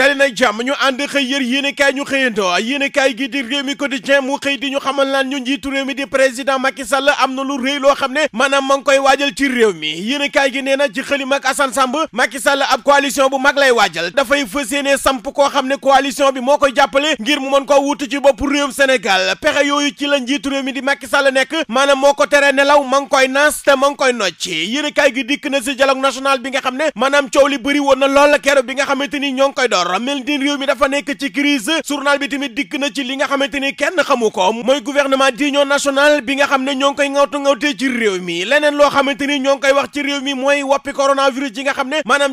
dali nag jàmm ñu ànd xëy yër yéenekaay ñu xëyantoo yéenekaay gi di réew mi quotidien mu xëy di ñu xamal laan ñu njiitu réew mi di président Macky Sall am na lu rëy loo xam ne maanaam ma ngi koy waajal ci réew mi yéenekaay gi nee na ci xëlim ak Assane Samb Macky Sall ab coalition bu mag lay waajal dafay fas yéene samp koo xam ne coalition bi moo koy jàppale ngir mu mën koo wut ci bopp réewum Sénégal pexe yooyu ci la njiitu réew mi di Macky Sall nekk maanaam moo ko tere nelaw ma ngi koy naas te ma ngi koy gi dikk na si dialogue national bi nga xam ne maanaam coow li woon na lool keroog bi nga xamante ni ñoo ngi koy door yor mel ni réew mi dafa nekk ci crise journal bi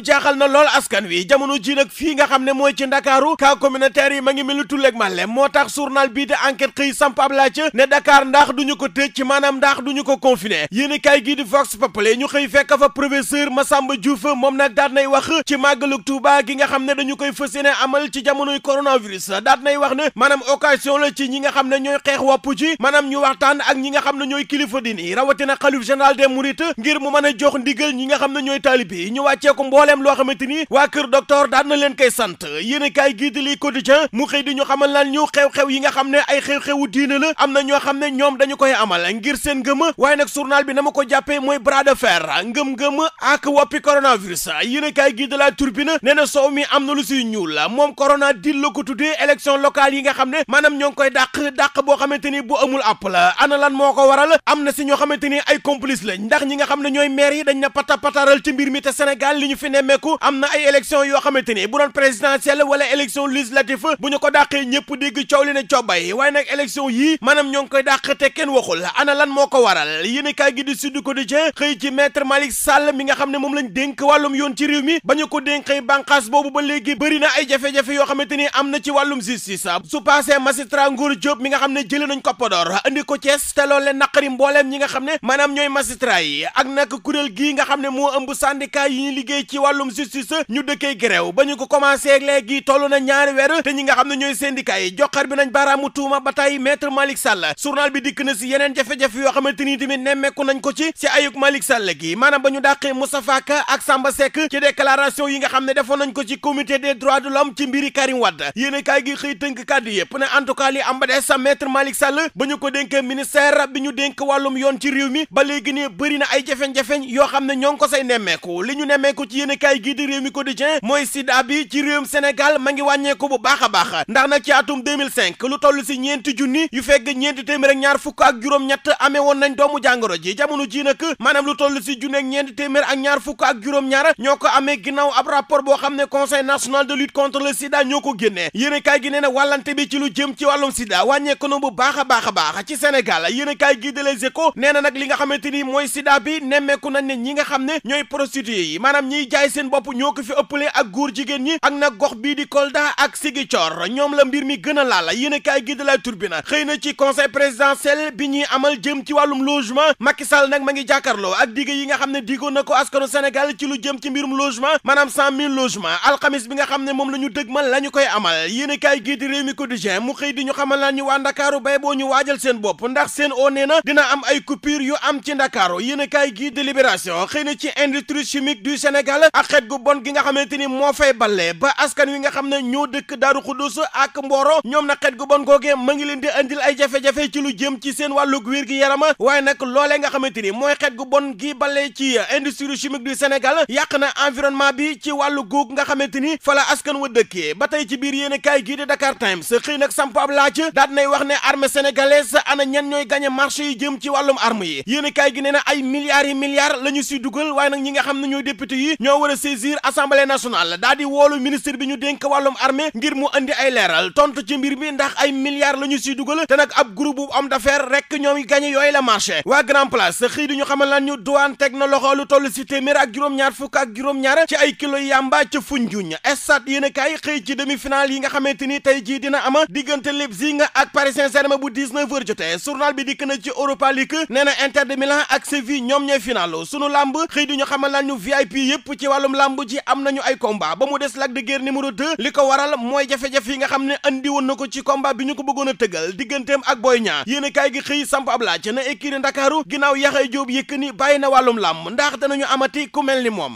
jaaxal na lool askan wi jamono ji nag fii nga xam ne mooy ci ndakaaru cas communautaire yi ma ngi mel ni tulleeg màlle moo tax journal bii di xëy samp ab ne Dakar ndax duñu ko tëj ci maanaam ndax duñu ko confiné yéen kay gii di vox populi ñu xëy fekk fa professeur Massamba Diouf moom nag daan nay wax ci màggalug Tuuba gi nga xam ne dañu koy fës fas yéene amal ci jamonoy coronavirus daat nay wax ne maanaam occasion la ci ñi nga xam ne ñooy xeex wopp ji maanaam ñu waxtaan ak ñi nga xam ne ñooy kilifa dini rawatina xalif général des mourides ngir mu mën a jox ndigal ñi nga xam ne ñooy taalibe yi ñu wàccee ko mbooleem loo xamante ni waa kër docteur daan na leen koy sant yéene kaay gii di li quotidien mu xëy di ñu xamal lan ñu xew-xew yi nga xam ne ay xew-xewu diine la am na ñoo xam ne ñoom dañu koy amal ngir seen ngëm waaye nag journal bi na ko jàppee mooy bras de fer ngëm-ngëm ak woppi coronavirus yéene kaay gii di la turbine nee na mi am na ñuul la moom corona dil ko tuddee élection locale yi nga xam ne maanaam ñoo ngi koy dàq dàq boo xamante ni bu amul àpp la ana lan moo ko waral am na si ñoo xamante ni ay complice lañ ndax ñi nga xam ne ñooy maire yi dañ na pata pataral ci mbir mi te Sénégal li ñu fi nemmeeku am na ay élection yoo xamante ni bu doon présidentielle wala élection législative bu ñu ko dàqee ñëpp dégg coow li ne coobay waaye nag élection yii maanaam ñoo ngi koy dàq te kenn waxul ana lan moo ko waral yéen kaay gi di Sud Quotidien xëy ci maître Malick Sall nga xam ne moom lañ dénk wàllum yoon ci réew mi ba ñu ko dénkee bànqaas boobu ba léegi bëri bëri na ay jafe-jafe yoo xamante ni am na ci wàllum justice su passé magistrat Nguur Diop mi nga xam ne jëlee nañ ko Podor ko Thiès te loolu naqari mbooleem ñi nga xam ne maanaam ñooy magistrat yi ak nag kuréel gii nga xam ne moo ëmb syndicat yi ñu liggéey ci wàllum justice ñu dëkkee gréew ba ñu ko commencé léegi toll na ñaari weer te ñi nga xam ne ñooy syndicat yi joxar bi nañ baaraamu tuuma ba tey maître Malick Sall journal bi dikk na si yeneen jafe-jafe yoo xamante ni tamit nemmeeku ko ci maanaam ba ñu dàqee Moustapha Ka ak Samba Seck ci yi nga xam ne defoon nañ ko ci droits de l'homme ci mbiri Karim Wade yéene kaay gi xëy tënk kàddu yëpp ne en tout cas sa maître Malick Sall ba ñu ko dénkee ministère bi ñu dénk wàllum yoon ci réew mi ba léegi nii bëri ay jafeñ-jafeñ yoo xam ne ñoo ngi ko say nemmeeku li ñu nemmeeku ci yéene kaay gii di réew mi quotidien mooy sida bi ci réewum Sénégal ma ngi wàññeeku bu baax a baax ndax nag ci atum 2005 lu toll si ñeenti junni yu fekk ñeenti téeméer ak ñaar fukk ak juróom-ñett amee woon nañ doomu jàngoro ji jamono ji nag maanaam lu toll si junni ak ñeenti téeméer ak ñaar fukk ak juróom-ñaar ñoo ko amee lutte contre le sida ñoo ko génnee yéenekaay gi nee na wàllante bi ci lu jëm ci wàllum sida wàññeeku na bu baax a baax a baax ci Sénégal yéenekaay gi de Les Échos nee na nag li nga xamante ni mooy sida bi nemmeeku na ne ñi nga xam ne ñooy prostitué yi maanaam ñiy jaay seen bopp ñoo ko fi ëppale ak góor jigéen ñi ak nag gox bii di Kolda ak Ziguinchor ñoom la mbir mi gën a laal yéenekaay gi de La Tribune xëy na ci conseil présidentiel bi ñuy amal jëm ci wàllum logement Macky Sall nag ma ngi jàkkaarloo ak digg yi nga xam ne diggoon na ko askanu Sénégal ci lu jëm ci mbirum logement maanaam cent mille logements bi nga xam ne moom la ñu dëgmal la ñu koy amal yéenekaay gii di Rewmi Quotidien mu xëy di ñu xamal laan ñu waa Ndakaaru bay boo ñu waajal seen bopp ndax seen oo nee na dina am ay coupure yu am ci Ndakaaru yéenekaay gii di Libération xëy na ci industrie chimique du Sénégal ak xeet gu bon gi nga xamante ni moo fay balle ba askan wi nga xam ne ñoo dëkk Daaru Xuddus ak Mboro ñoom na xeet gu bon googee ma ngi leen di indil ay jafe-jafe ci lu jëm ci seen wàllug wér gi yarama waaye nag loolee nga xamante ni mooy xeet gu bon gi balle ci industrie chimique du Sénégal yàq na environnement bi ci wàllu góog nga xamante askan wa dëkkee ba tey ci biir yéene kaay gii di Dakar Times xëy nag samp ab laaj daat nay wax ne armée sénégalaise ana ñan ñooy gagné marché yi jëm ci wàllum arme yi yéene kaay gi nee na ay milliards yi milliards la ñu si dugal waaye nag ñi nga xam ne ñooy député yi ñoo war a saisir assemblée nationale di woolu ministre bi ñu dénk wàllum armée ngir mu andi ay leeral tontu ci mbir mi ndax ay milliards la ñu siy dugal te nag ab groupe bu homme d'affaires rek ñoom gagné yooyu la marché waa Grand Place xëy di ñu xamal lan ñu douane teg lu toll si téeméer ak juróom-ñaar fukk ak juróom-ñaar ci ay kilo yamba ca Foundiougne yéen kaay xëy ci demi-finale yi nga xamante ni tey jii dina am diggante Leipzig ak Paris Saint-Germain bu 19h jotee journal bi dikk na ci Europa League nee na Inter de Milan ak Séville ñoom ñooy final sunu làmb xëy di ñu xamal lan ñu VIP yëpp ci wàllum làmb ji am nañu ay combat ba mu des Lac de Guiers numéro 2 li ko waral mooy jafe-jafe yi nga xam ne andi woon na ko ci combat bi ñu ko bëggoon a tëggal digganteem ak Boy Niang yéen kaay gi xëy samp ab laaj na Ndakaaru ginnaaw Yaxya Joob Yékini bàyyi na wàllum lamb ndax danañu amati ku mel moom